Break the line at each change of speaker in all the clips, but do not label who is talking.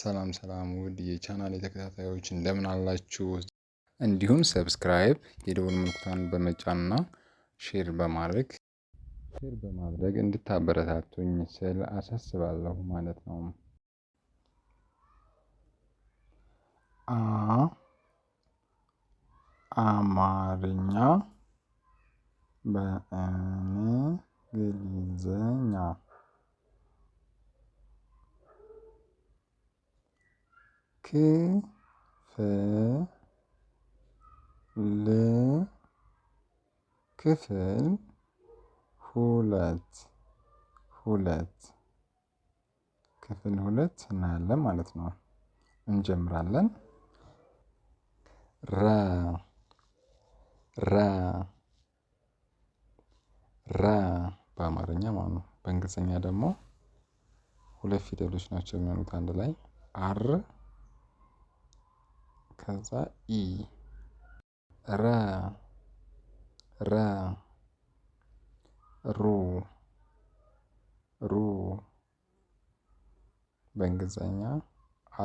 ሰላም ሰላም ውድ የቻናል የተከታታዮች እንደምን አላችሁ? እንዲሁም ሰብስክራይብ የደወል ምልክቷን በመጫንና ሼር በማድረግ ሼር በማድረግ እንድታበረታቱኝ ስል አሳስባለሁ ማለት ነው። አ አማርኛ በእንግሊዝኛ ክፍል ክፍል ሁለት ሁለት ክፍል ሁለት እናያለን ማለት ነው። እንጀምራለን። ረ ረ ረ በአማርኛ ማለት ነው። በእንግሊዝኛ ደግሞ ሁለት ፊደሎች ናቸው የሚሆኑት አንድ ላይ አር ከዛ ኢ ረ ረ ሩ ሩ በእንግሊዘኛ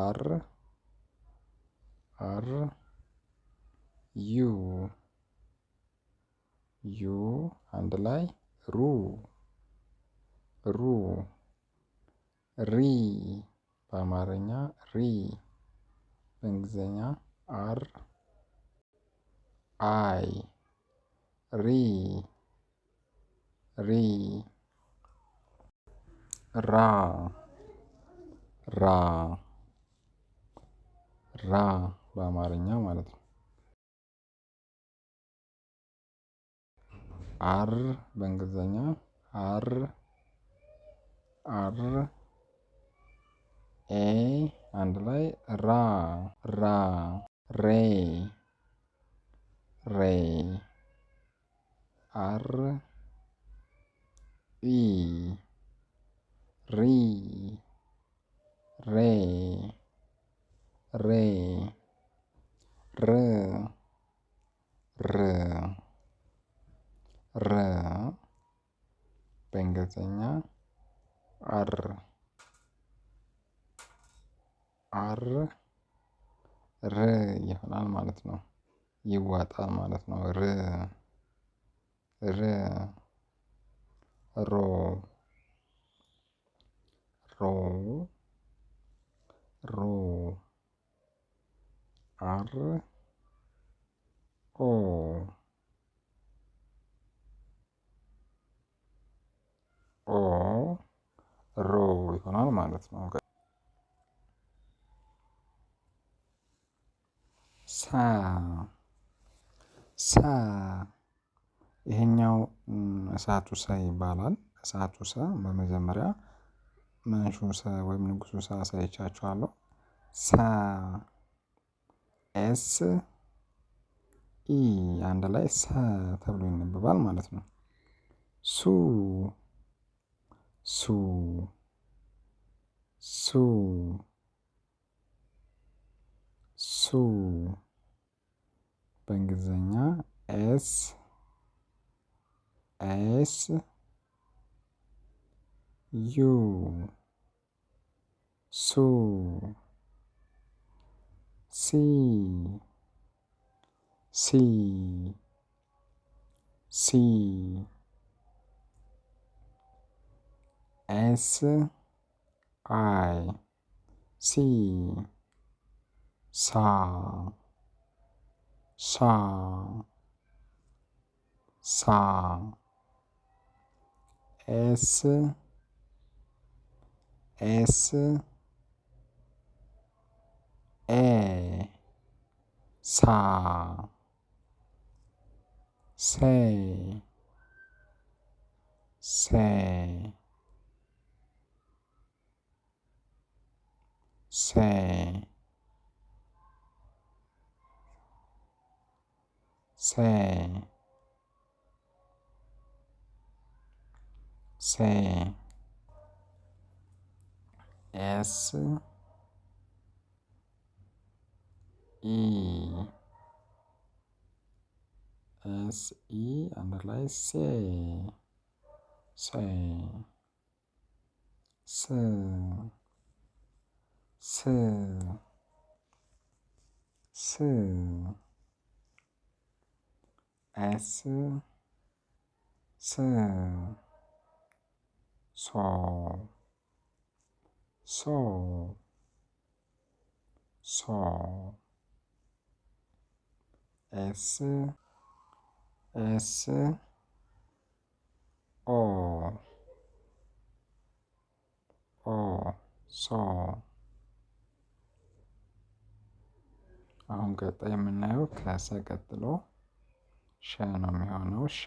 አር አር ዩ ዩ አንድ ላይ ሩ ሩ ሪ በአማርኛ ሪ በእንግሊዘኛ አር አይ ሪ ሪ ራ ራ ራ በአማርኛ ማለት ነው። አር በእንግሊዘኛ አር አር ኤ አንድ ላይ ራ ራ ሬ ሬ አር ኢ ሪ ሬ ሬ ር ር ር በእንግሊዘኛ አር አር ር ይሆናል ማለት ነው። ይዋጣል ማለት ነው። ር ር ሮ ሮ ሮ አር ኦ ኦ ሮ ይሆናል ማለት ነው። ሳ ሳ ይሄኛው እሳቱ ሰ ይባላል። እሳቱ ሰ በመጀመሪያ መንሹ ሰ ወይም ንጉሱ ሰ አሳይቻችኋለሁ። ሰ ኤስ ኢ አንድ ላይ ሰ ተብሎ ይነበባል ማለት ነው። ሱ ሱ ሱ ሱ በእንግሊዘኛ ኤስ ኤስ ዩ ሱ ሲ ሲ ሲ ኤስ አይ ሲ ሳ ሳ ሳ ኤስ ኤስ ኤ ሳ ሴ ሴ ሴ ሰ ሰ ኤስ ኢ ኤስ ኢ አንድ ላይ ሴ ሴ ስ ስ ስ ኤስ ስ ሶ ሶ ሶ ኤስ ኤስ ኦ ኦ ሶ አሁን ቀጣይ የምናየው ከሰ ቀጥሎ ሸ ነው የሚሆነው። ሸ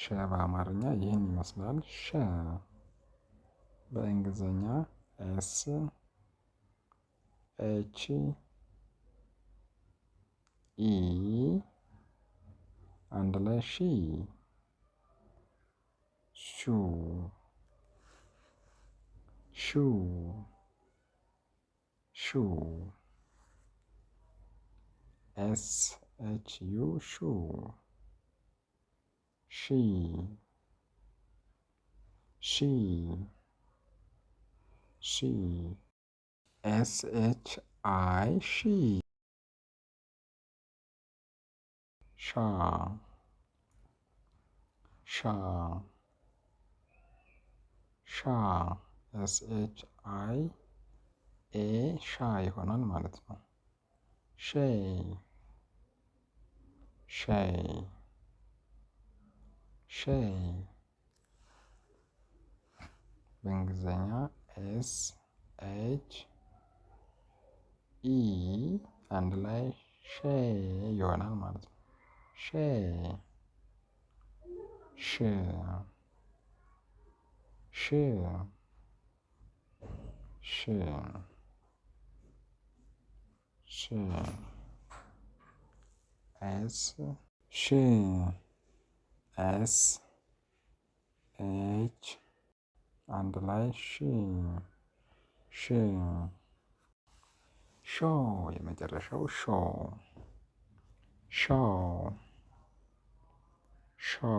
ሸ በአማርኛ ይህን ይመስላል። ሸ በእንግሊዝኛ ኤስ ኤች ኢ አንድ ላይ ሺ ሹ ሹ ሹ ኤስ at your show. She, she, she, S H I, she, sha, sha, sha, S H I, A, shy ሆናል ማለት ነው። ሼይ Shay. Shay. Bengzenya S H E and like Shay. You are not mad. Shay. Shay, Shay, Shay. ኤስ ሽ ኤስ ኤች አንድ ላይ ሽ ሽ ሾ የመጨረሻው ሾ ሾ ሾ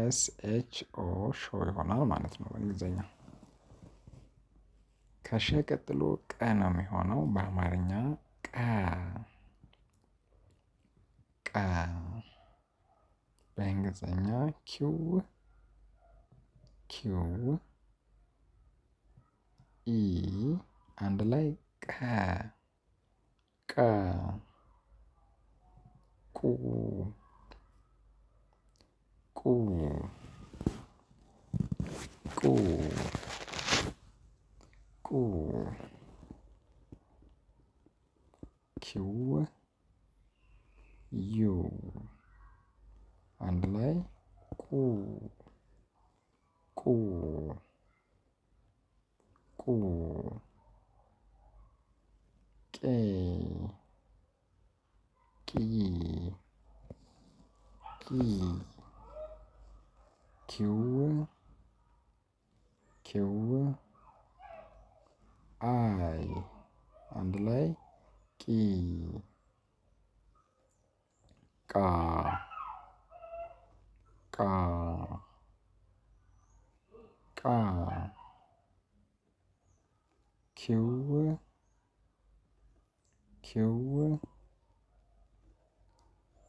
ኤስ ኤች ኦ ሾ ይሆናል ማለት ነው በእንግሊዝኛ። ከሸ ቀጥሎ ቀ ነው የሚሆነው በአማርኛ ቃ ቃ በእንግሊዘኛ ኪው ኪው ኢ አንድ ላይ ቀ ቀ ቁ ቁ ቁ ቁ ኪው ዩ አንድ ላይ ቁ ቁ ቁ ቄ ቂ ቂ ኪው ኪው አይ አንድ ላይ Ki. Ka. Ka. Ka. Q. Q.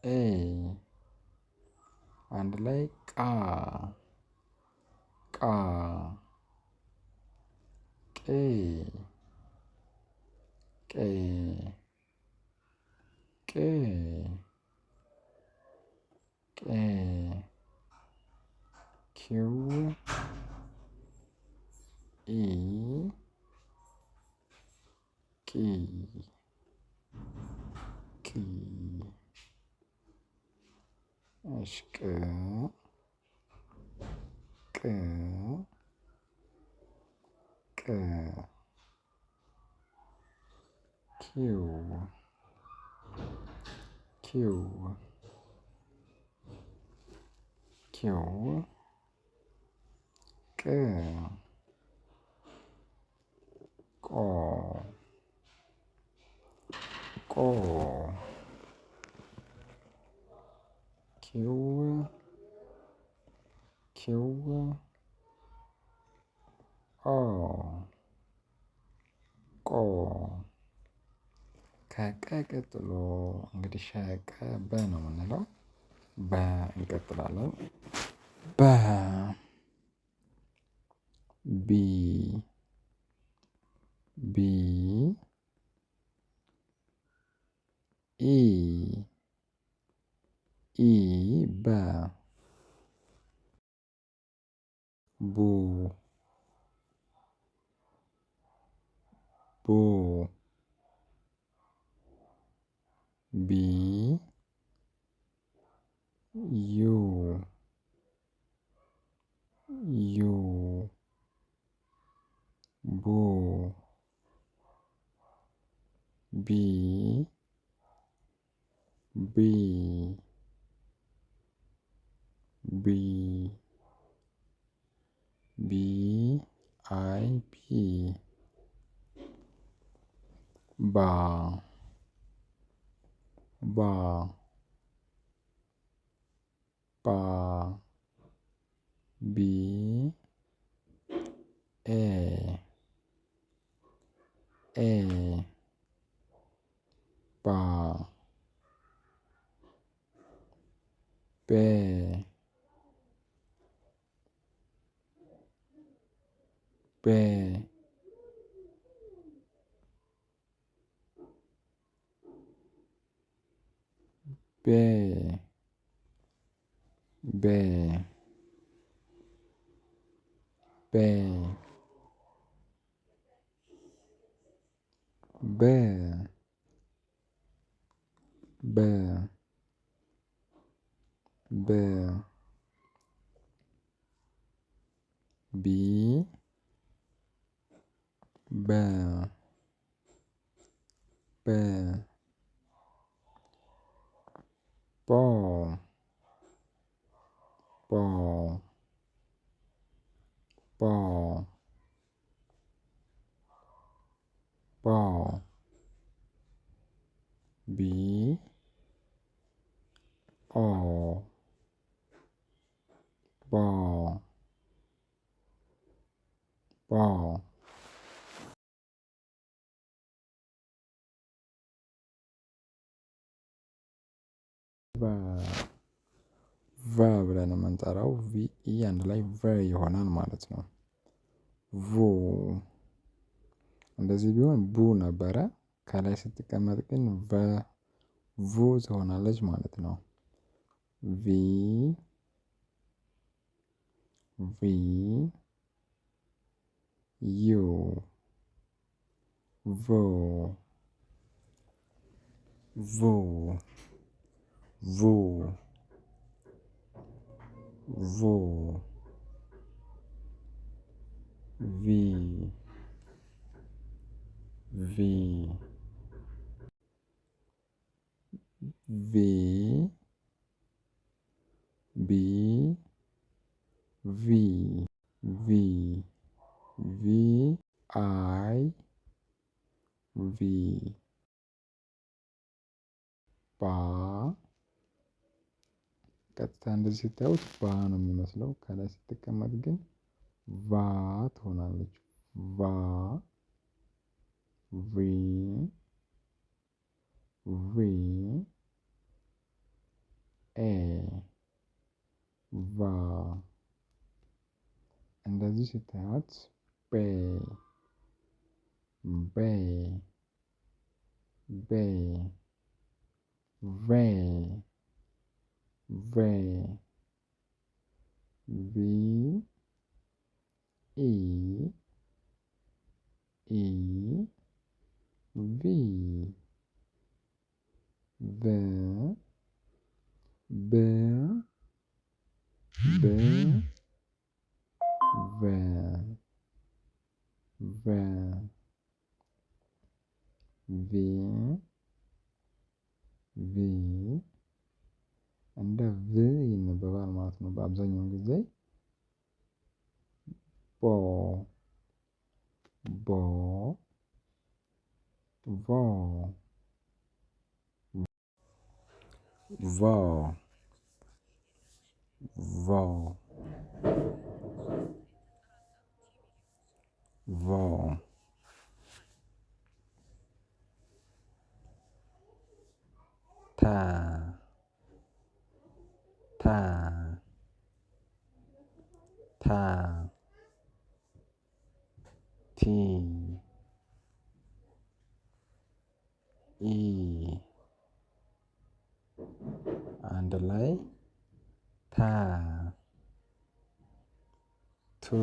A. And like ka. Ka. K. ቅ ቅ ቅ ኪው ኢ ቆ ኪው ኪው ኦ ቆ ከቀ ቀጥሎ እንግዲህ ሸቀ በ ነው የምንለው። በ እንቀጥላለን። በ ቢ ቢ ኢ በ ቡ ቦ B A e, e Ba B B B B በ በ በ ቢ በ በ ቦ ቦ ball ball b o ball ball và ቨ ብለን የምንጠራው ቪ አንድ ላይ ቨ ይሆናል ማለት ነው። ቮ እንደዚህ ቢሆን ቡ ነበረ። ከላይ ስትቀመጥ ግን ቨ ቮ ትሆናለች ማለት ነው። ቪ ቪ ዩ ቮ ቮ ቮ vou vi vi vi እንደዚህ ስታዩት ባ ነው የሚመስለው። ከላይ ስትቀመጥ ግን ቫ ትሆናለች። ቫ ቪ ቪ ኤ ቫ እንደዚህ ስታያት ቤ ቤ ቤ ቬ Ve. V. E. E. V. Ve. Be. Be. Ve. Ve. V. V. እንደ ቭ ይነበባል ማለት ነው። በአብዛኛው ጊዜ ቦ ቦ ቮ ቮ ቮ ቮ ታ ታ ታ ቲ ኢ አንድ ላይ ታ ቱ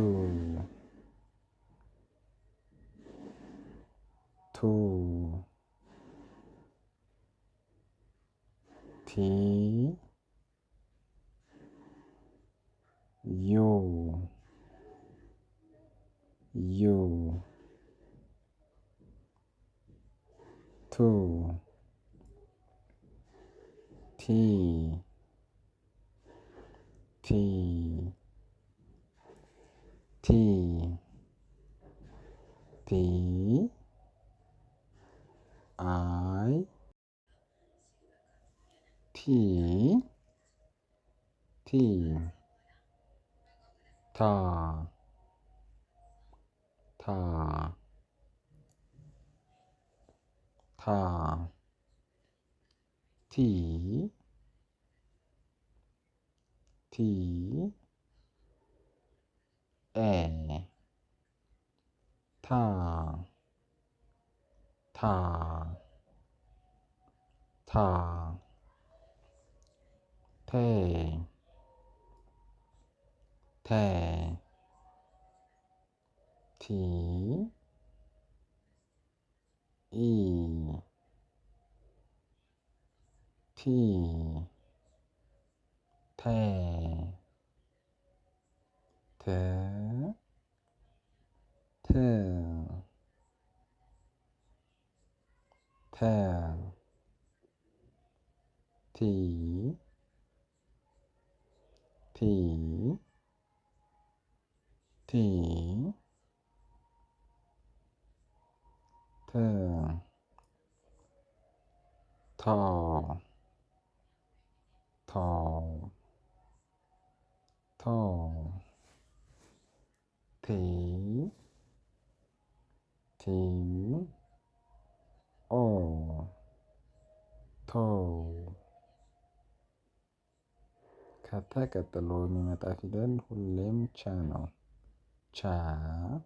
ቱ ቲ 요, 요, 투, 티, 티, 티, 티, 아이, 티, 티. 塔塔塔，体体诶，塔塔塔，泰。แท่ทีอี ที่แท่เธอเธอแท่ที่ที่ที่เธอทอทอทอถีถีโอทอคาถากัตโลมีมาตัาฟิเดนฮุลเลมชานอ 자,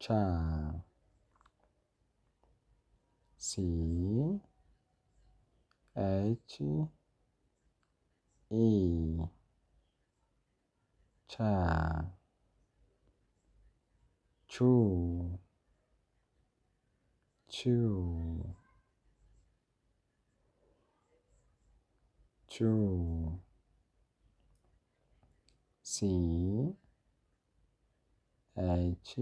자, C, H, E, 자, 주, 주, 주, C, H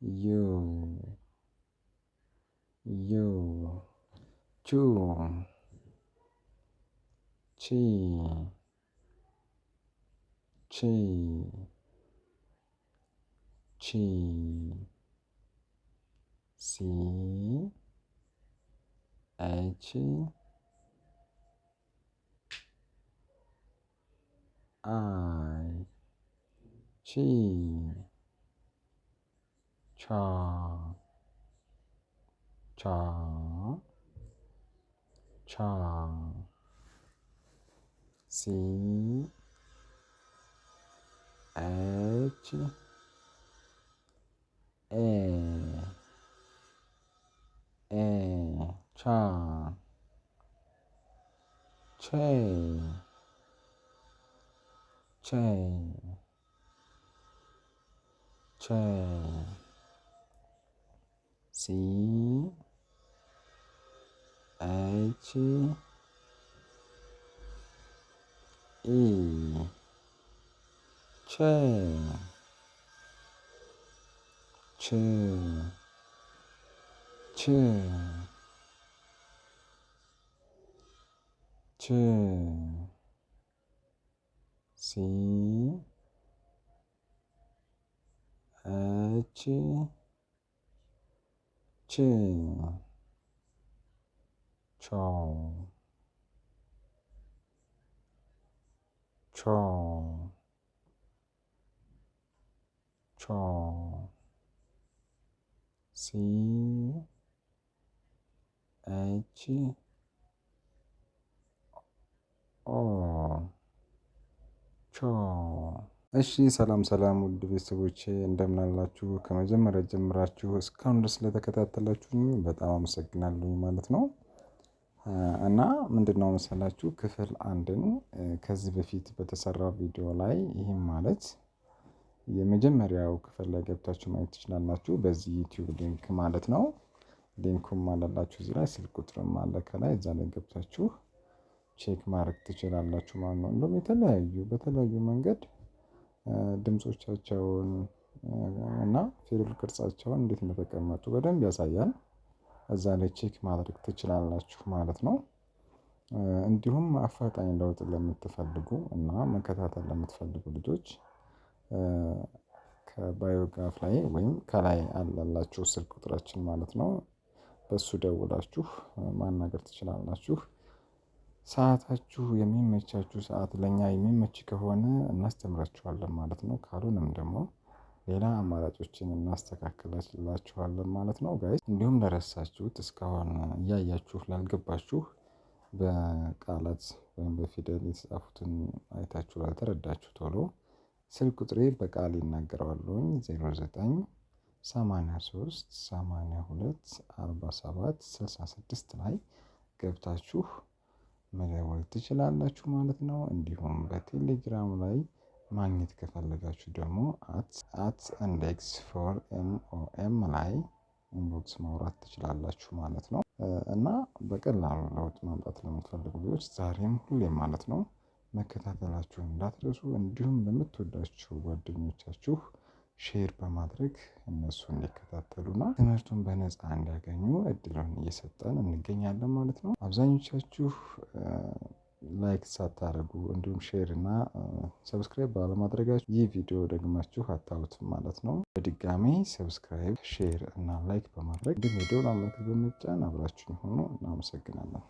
U U 주 치, 치, 치, 시, h, i, 시작 자, 자, C, H, A, A, 자, 채, 채. Water. እች ች ቾ ቾ ቾ ሲ እች ኦ ቾ እሺ ሰላም ሰላም ውድ ቤተሰቦቼ እንደምን አላችሁ ከመጀመሪያ ጀምራችሁ እስካሁን ድረስ ስለተከታተላችሁኝ በጣም አመሰግናለሁኝ ማለት ነው። እና ምንድን ነው መሰላችሁ ክፍል አንድን ከዚህ በፊት በተሰራ ቪዲዮ ላይ ይህም ማለት የመጀመሪያው ክፍል ላይ ገብታችሁ ማየት ትችላላችሁ በዚህ ዩቲዩብ ሊንክ ማለት ነው። ሊንኩም አለላችሁ እዚህ ላይ ስልክ ቁጥርም አለ ከላይ እዛ ላይ ገብታችሁ ቼክ ማድረግ ትችላላችሁ ማለት ነው። እንደውም የተለያዩ በተለያዩ መንገድ ድምጾቻቸውን እና ፊደል ቅርጻቸውን እንዴት እንደተቀመጡ በደንብ ያሳያል። እዛ ላይ ቼክ ማድረግ ትችላላችሁ ማለት ነው። እንዲሁም አፋጣኝ ለውጥ ለምትፈልጉ እና መከታተል ለምትፈልጉ ልጆች ከባዮግራፍ ላይ ወይም ከላይ አለላችሁ ስልክ ቁጥራችን ማለት ነው። በሱ ደውላችሁ ማናገር ትችላላችሁ ሰዓታችሁ የሚመቻችሁ ሰዓት ለእኛ የሚመች ከሆነ እናስተምራችኋለን ማለት ነው። ካልሆነም ደግሞ ሌላ አማራጮችን እናስተካክላችኋለን ማለት ነው። ጋይስ እንዲሁም ለረሳችሁት እስካሁን እያያችሁ ላልገባችሁ በቃላት ወይም በፊደል የተጻፉትን አይታችሁ ላልተረዳችሁ ቶሎ ስልክ ቁጥሬ በቃል ይናገረዋለሁኝ 09 83 82 47 66 ላይ ገብታችሁ መደወል ትችላላችሁ ማለት ነው። እንዲሁም በቴሌግራም ላይ ማግኘት ከፈለጋችሁ ደግሞ አት ኢንዴክስ ፎር ኤምኦኤም ላይ ኢንቦክስ ማውራት ትችላላችሁ ማለት ነው። እና በቀላሉ ለውጥ ማምጣት ለምትፈልጉ ልጆች ዛሬም ሁሌም ማለት ነው መከታተላችሁን እንዳትረሱ እንዲሁም ለምትወዳችሁ ጓደኞቻችሁ ሼር በማድረግ እነሱ እንዲከታተሉና ትምህርቱን በነፃ እንዲያገኙ እድሉን እየሰጠን እንገኛለን ማለት ነው። አብዛኞቻችሁ ላይክ ሳታደርጉ እንዲሁም ሼር እና ሰብስክራይብ ባለማድረጋችሁ ይህ ቪዲዮ ደግማችሁ አታዩትም ማለት ነው። በድጋሚ ሰብስክራይብ፣ ሼር እና ላይክ በማድረግ እንዲሁም የደወል ምልክቱን በመጫን አብራችሁን ሆኑ። እናመሰግናለን።